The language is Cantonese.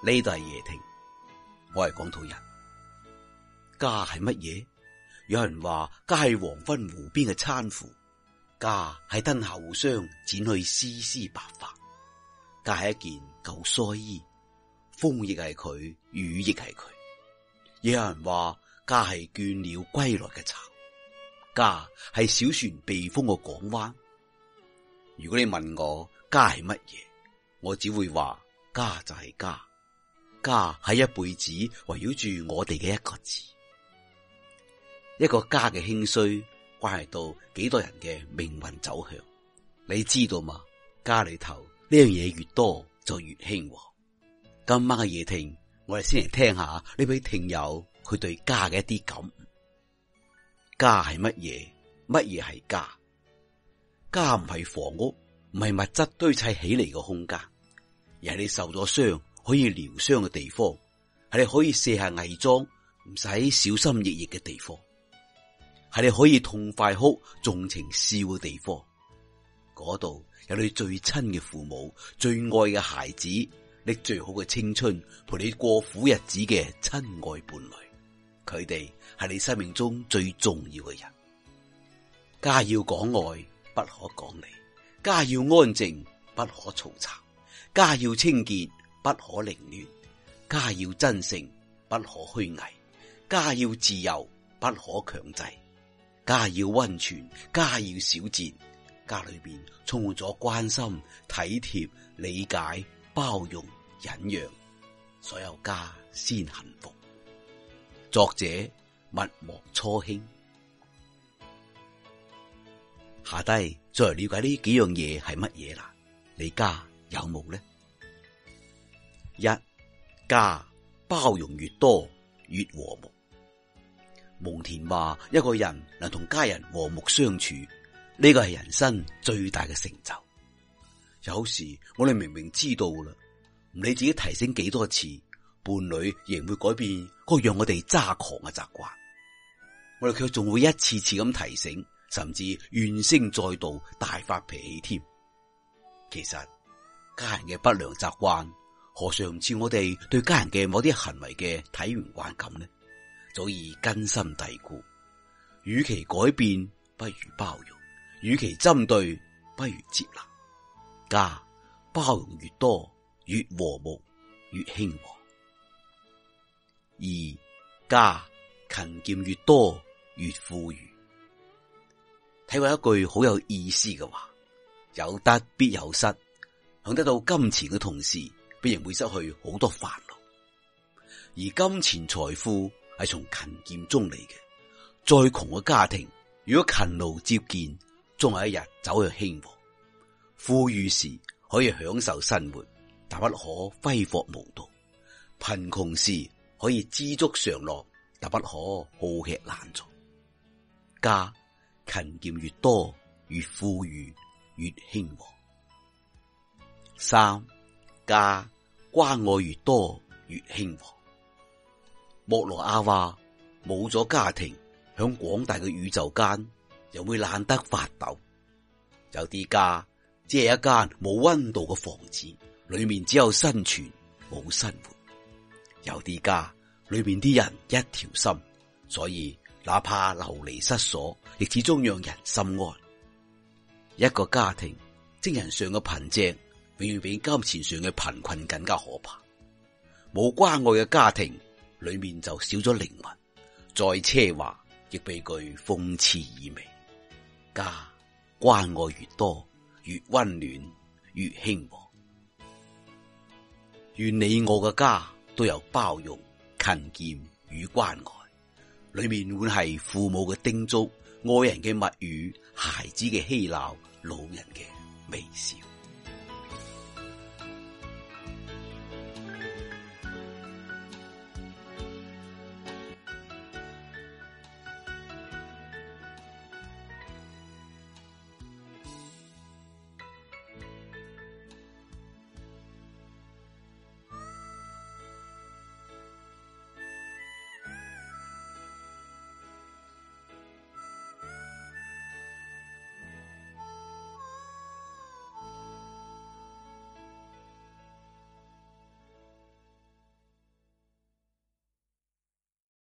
呢度係夜聽，我係廣土人。家係乜嘢？有人話家係黃昏湖邊嘅攙扶，家係燈下互相剪去絲絲白髮，家係一件舊蓑衣，風亦係佢，雨亦係佢。亦有人話家係倦鳥歸來嘅巢，家係小船避風嘅港灣。如果你問我家係乜嘢，我只會話家就係家。家係一輩子圍繞住我哋嘅一個字，一個家嘅興衰關係到幾多人嘅命運走向，你知道嗎？家裏頭呢樣嘢越多就越興旺。今晚嘅夜聽，我哋先嚟聽下呢位聽友佢對家嘅一啲感悟。家係乜嘢？乜嘢係家？家唔係房屋，唔係物質堆砌起嚟嘅空間，而係你受咗傷，可以療傷嘅地方，係你可以卸下偽裝，唔使小心翼翼嘅地方，係你可以痛快哭、縱情笑嘅地方。嗰度有你最親嘅父母、最愛嘅孩子、你最好嘅青春，陪你過苦日子嘅親愛伴侶，佢哋係你生命中最重要嘅人。家要講愛，不可講理；家要安靜，不可嘈吵；家要清潔。不可凌亂，家要真誠，不可虛偽；家要自由，不可強制；家要溫泉，家要小節。家裏邊充滿咗關心、體貼、理解、包容、忍讓，所有家先幸福。作者勿忘初興，下低再嚟了解呢幾樣嘢係乜嘢啦？你家有冇呢？一家包容越多越和睦。蒙田話：一個人能同家人和睦相處，呢個係人生最大嘅成就。有時我哋明明知道啦，唔理自己提醒幾多次，伴侶仍會改變個讓我哋揸狂嘅習慣，我哋卻仲會一次次咁提醒，甚至怨聲載道，大發脾氣添。其實家人嘅不良習慣。何嘗唔似我哋對家人嘅某啲行為嘅睇唔慣感呢？早已根深蒂固。與其改變，不如包容；與其針對，不如接納。家包容越多，越和睦，越興和；而家勤儉越多，越富裕。睇過一句好有意思嘅話：有得必有失。享得到金錢嘅同時，必然會失去好多煩惱，而金錢財富係從勤儉中嚟嘅。再窮嘅家庭，如果勤勞節儉，終有一日走向興旺。富裕時可以享受生活，但不可揮霍無度；貧窮時可以知足常樂，但不可好吃懶做。家勤儉越多，越富裕，越興旺。三。家關愛越多越興旺。莫羅阿話：冇咗家庭，響廣大嘅宇宙間，又會懶得發抖。有啲家只係一間冇溫度嘅房子，裏面只有生存，冇生活。有啲家裏面啲人一條心，所以哪怕流離失所，亦始終讓人心安。一個家庭，精神上嘅貧瘠。永遠比金錢上嘅貧困更加可怕。冇關愛嘅家庭，裏面就少咗靈魂。再奢華亦倍具諷刺意味。家關愛越多，越温暖，越興旺。願你我嘅家都有包容、勤儉與關愛。裏面會係父母嘅叮囑、愛人嘅蜜語、孩子嘅嬉鬧、老人嘅微笑。